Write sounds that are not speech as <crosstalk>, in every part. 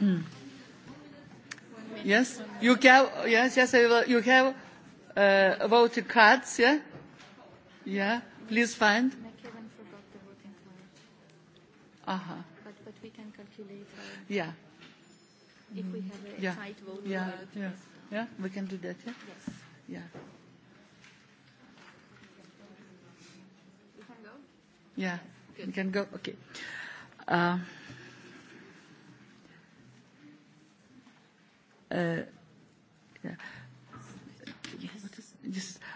Mm. Yes, you have. Yes, yes, you have uh, voting cards. Yeah, yeah. Please find. Uh-huh. But, but we can calculate. Our, yeah. If we have a yeah. tight vote. Yeah. Yeah. yeah. yeah. We can do that. Yeah. Yes. Yeah. You can go. Yeah. Good. You can go. Okay. Uh, Uh,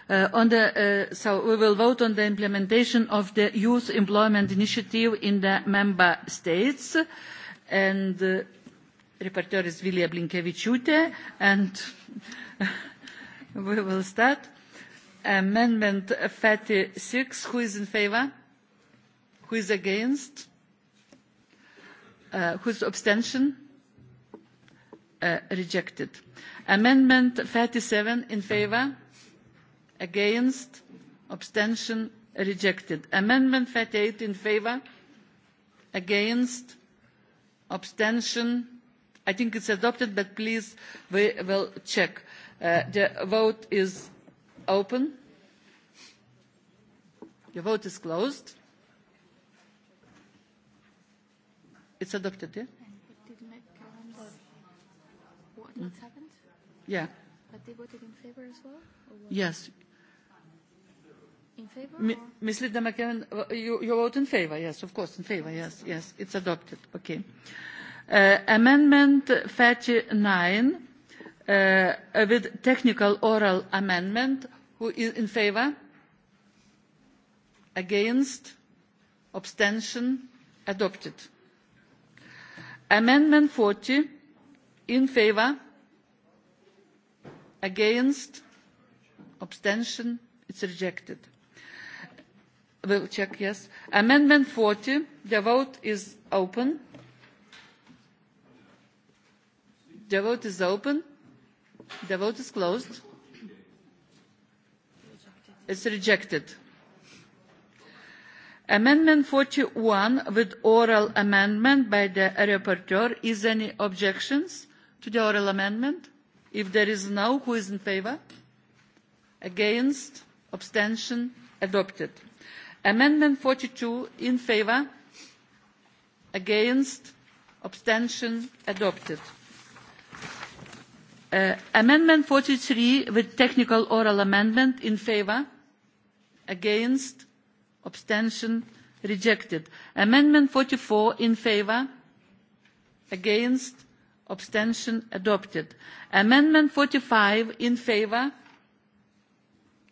uh, so we will vote on the implementation of the youth employment initiative in the member states and the uh, reporter is Vilija Blinkevičiūtė and <laughs> we will start amendment 36 who is in favor who is against uh, whose abstention Uh, rejected. amendment thirty seven in favour against abstention rejected. amendment thirty eight in favour against abstention i think it is adopted but please we will check. Uh, the vote is open. the vote is closed. it is adopted. Yeah? not second? Mm. Yeah. But they voted in favor as well? Yes. In favor? Ms. Linda McKeown, uh, you, you vote in favor, yes, of course, in favor, yes, yes, it's adopted, okay. Uh, amendment 39, uh, with technical oral amendment, who is in favor? Against? Abstention? Adopted. Amendment 40, in favour against abstention it's rejected we'll check yes amendment 40 the vote is open the vote is open the vote is closed it's rejected amendment 41 with oral amendment by the rapporteur is any objections to the oral amendment if there is no who is in favour against abstention adopted amendment 42 in favour against abstention adopted uh, amendment 43 with technical oral amendment in favour against abstention rejected amendment 44 in favour against abstention adopted amendment 45 in favor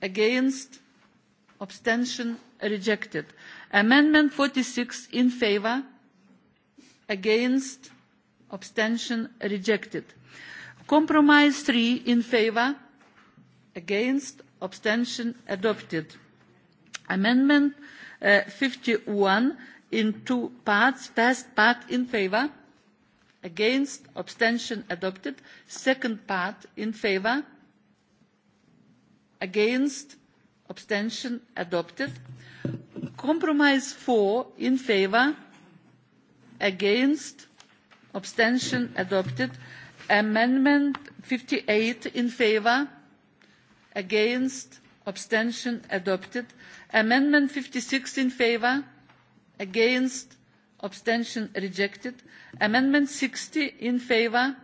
against abstention rejected amendment 46 in favor against abstention rejected compromise 3 in favor against abstention adopted amendment uh, 51 in two parts first part in favor against abstention adopted second part in favour against abstention adopted compromise four in favour against abstention adopted amendment fifty eight in favour against abstention adopted amendment fifty six in favour against abstention rejected amendment sixty in favour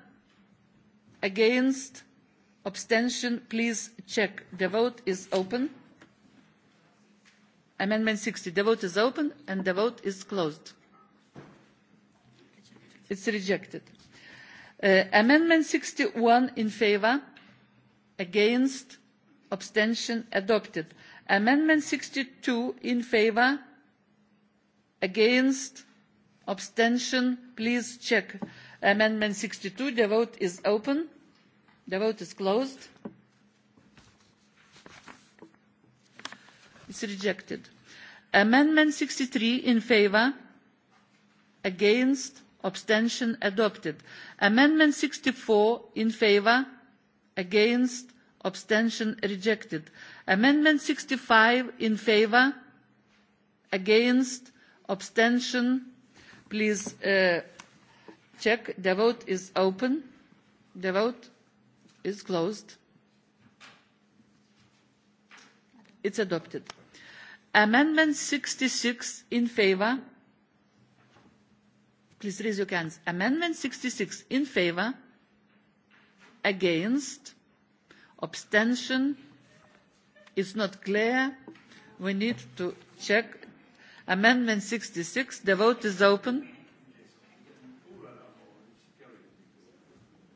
against abstention please check the vote is open amendment sixty the vote is open and the vote is closed it is rejected uh, amendment sixty one in favour against abstention adopted amendment sixty two in favour against abstention please check amendment sixty two the vote is open the vote is closed it's rejected amendment sixty three in favour against abstention adopted amendment sixty four in favour against abstention rejected amendment sixty five in favour against abstention rejected please uh, check the vote is open the vote is closed it's adopted amendment 66 in favor please raise your hands amendment 66 in favor against abstention it's not clear we need to check amendment sixty six the vote is open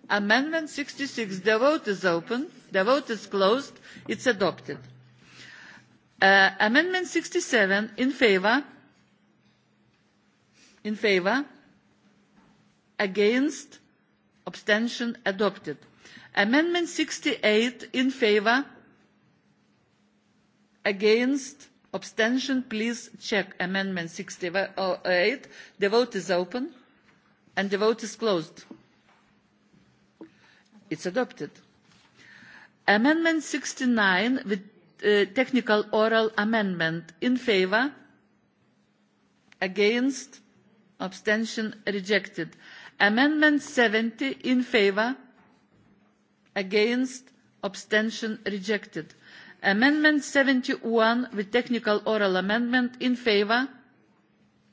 amendment sixty six the vote is open the vote is closed it is adopted uh, amendment sixty seven in favour in favour against abstention adopted amendment sixty eight in favour against abstention please check amendment sixty eight the vote is open and the vote is closed. it is adopted. amendment sixty nine with uh, technical oral amendment in favour against abstention rejected. amendment seventy in favour against abstention rejected amendment seventy one with technical oral amendment in favour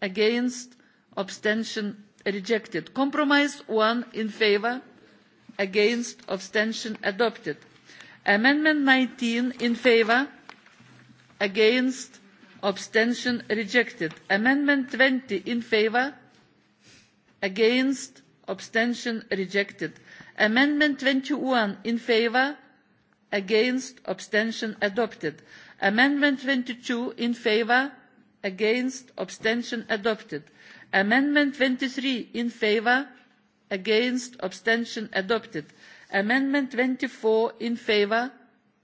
against abstention rejected; compromise one in favour against abstention adopted; amendment nineteen in favour against abstention rejected; amendment twenty in favour against abstention rejected; amendment twenty one in favour against abstention adopted amendment twenty two in favour against abstention adopted amendment twenty three in favour against abstention adopted amendment twenty four in favour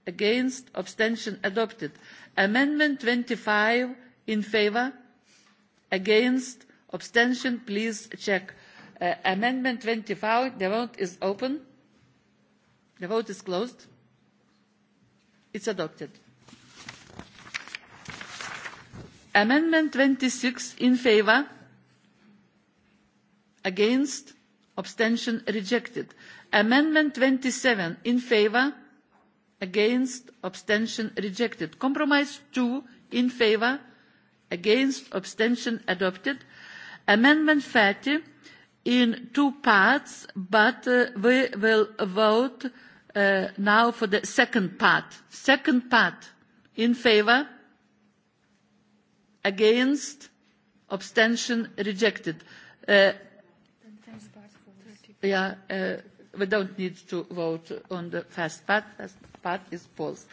against abstention adopted amendment twenty five in favour against abstention please check uh, amendment twenty five the vote is open the vote is closed is adopted. Amendment twenty six in favour against abstention rejected. Amendment twenty seven in favour against abstention rejected. Compromise two in favour against abstention adopted. Amendment thirty in two parts but uh, we will vote uh, now for the second part. Second part. In favor? Against? Abstention? Rejected. Uh, yeah, uh, we don't need to vote on the first part. First part is false.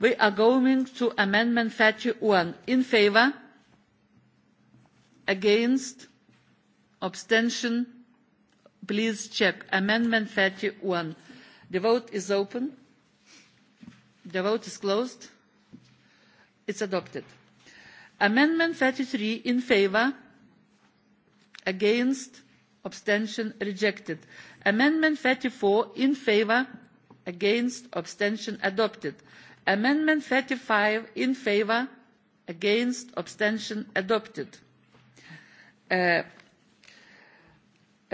We are going to Amendment 31. In favor? Against? Abstention? Please check. Amendment 31 the vote is open the vote is closed it's adopted amendment thirty three in favour against abstention rejected amendment thirty four in favour against abstention adopted amendment thirty five in favour against abstention adopted. Uh,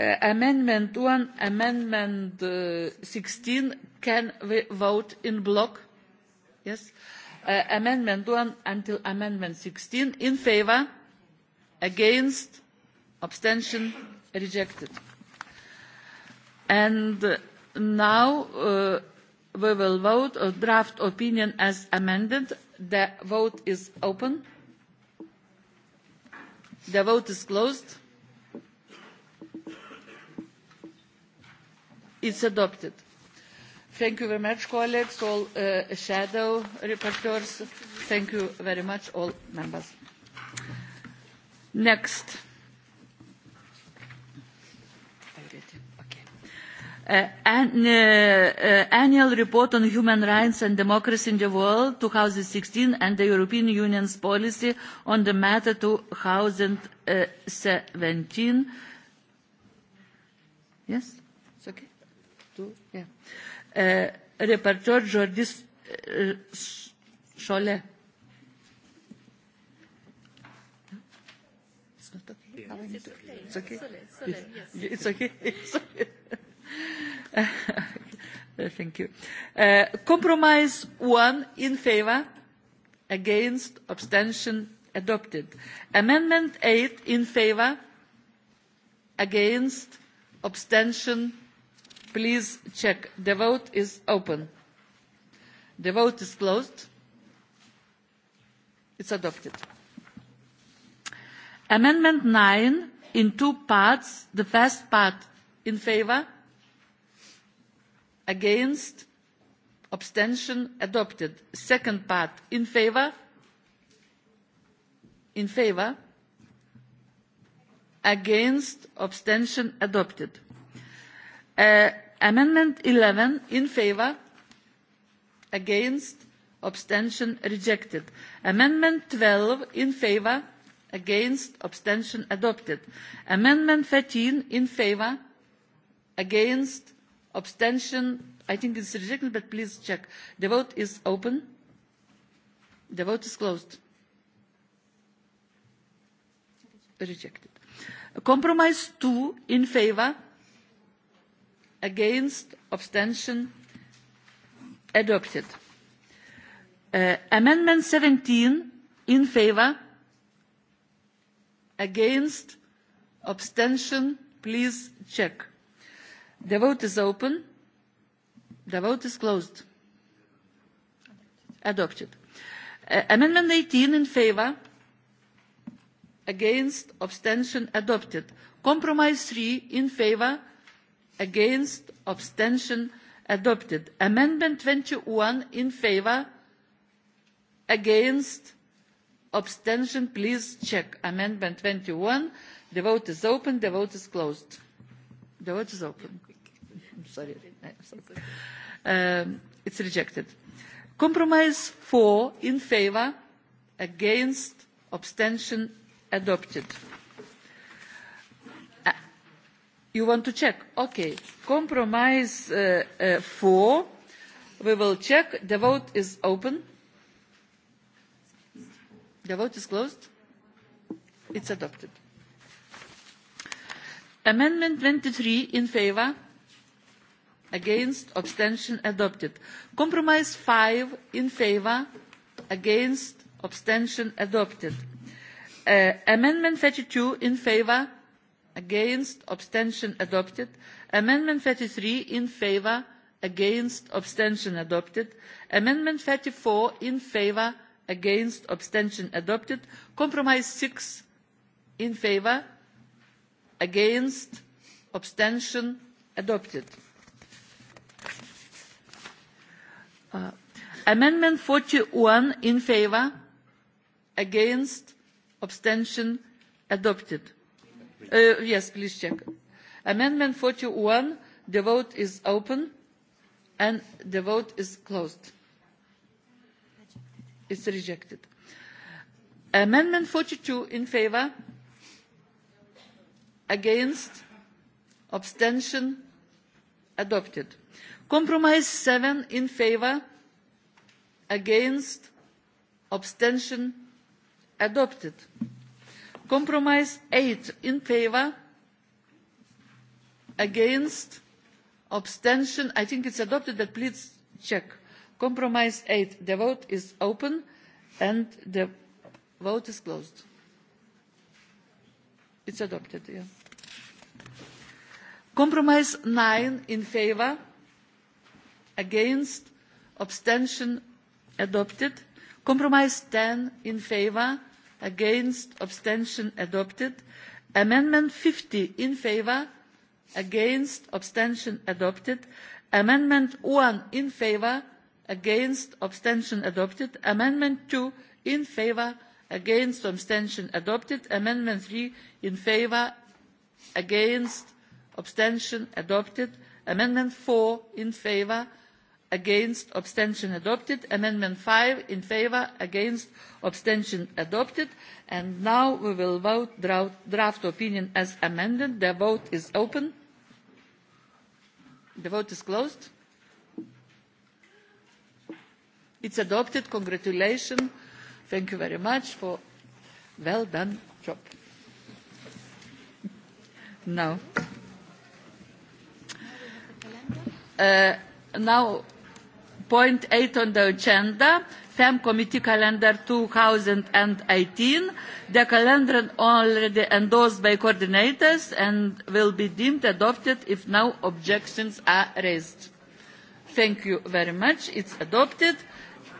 Uh, amendment one amendment uh, sixteen can we vote in bloc? yes? Uh, amendment one until amendment sixteen in favour against abstention rejected and now uh, we will vote a draft opinion as amended the vote is open the vote is closed it's adopted. Thank you very much, colleagues, all uh, shadow reporters. Thank you very much, all members. Next. Uh, an, uh, uh, annual report on human rights and democracy in the world 2016 and the European Union's policy on the matter 2017. Yes? tu. Ja. Eh, Repertoar Jordis eh, Šole. Thank you. Uh, compromise one in favor, against, abstention, adopted. Amendment eight in favor, against, abstention, adopted please check the vote is open the vote is closed it's adopted amendment 9 in two parts the first part in favor against abstention adopted second part in favor in favor against abstention adopted Eh, amendment eleven in favour against abstention rejected; amendment twelve in favour against abstention adopted; amendment thirteen in favour against abstention i think it is rejected but please check the vote is open the vote is closed rejected; compromise two in favour against abstention adopted. Uh, amendment seventeen in favour against abstention please check. the vote is open. the vote is closed. adopted. Uh, amendment eighteen in favour against abstention adopted. compromise three in favour against abstention adopted amendment twenty one in favour against abstention please check amendment twenty one the vote is open the vote is closed the vote is open sorry um, it's rejected compromise four in favour against abstention adopted you want to check okay compromise uh, uh, 4 we will check the vote is open the vote is closed it's adopted amendment 23 in favor against abstention adopted compromise 5 in favor against abstention adopted uh, amendment 32 in favor against abstention adopted amendment thirty three in favour against abstention adopted amendment thirty four in favour against abstention adopted compromise six in favour against abstention adopted uh, amendment forty one in favour against abstention adopted Uh, yes please check amendment forty one the vote is open and the vote is closed it is rejected amendment forty two in favour against abstention adopted compromise seven in favour against abstention adopted compromise eight in favour against abstention i think it is adopted but please check compromise eight the vote is open and the vote is closed it is adopted yeah. compromise nine in favour against abstention adopted compromise ten in favour against abstention adopted amendment fifty in favour against abstention adopted amendment one in favour against abstention adopted amendment two in favour against abstention adopted amendment three in favour against abstention adopted amendment four in favour against abstention adopted amendment five in favour against abstention adopted and now we will vote on draft opinion as amended. the vote is open. the vote is closed. it is adopted. congratulations. thank you very much for a well done job. Uh, point eight on the agenda femm committee calendar two thousand and eighteen the calendar already endorsed by coordinators and will be deemed adopted if no objections are raised. Thank you very much. It's adopted.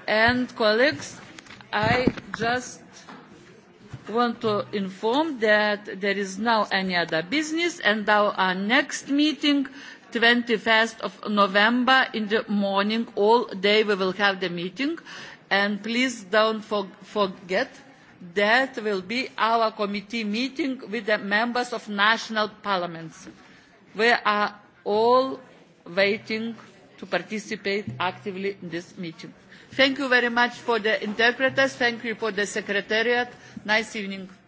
And colleagues, I just want to inform that there is now any other business and our next meeting 21st of November in the morning, all day we will have the meeting. And please don't for forget that will be our committee meeting with the members of national parliaments. We are all waiting to participate actively in this meeting. Thank you very much for the interpreters. Thank you for the secretariat. Nice evening.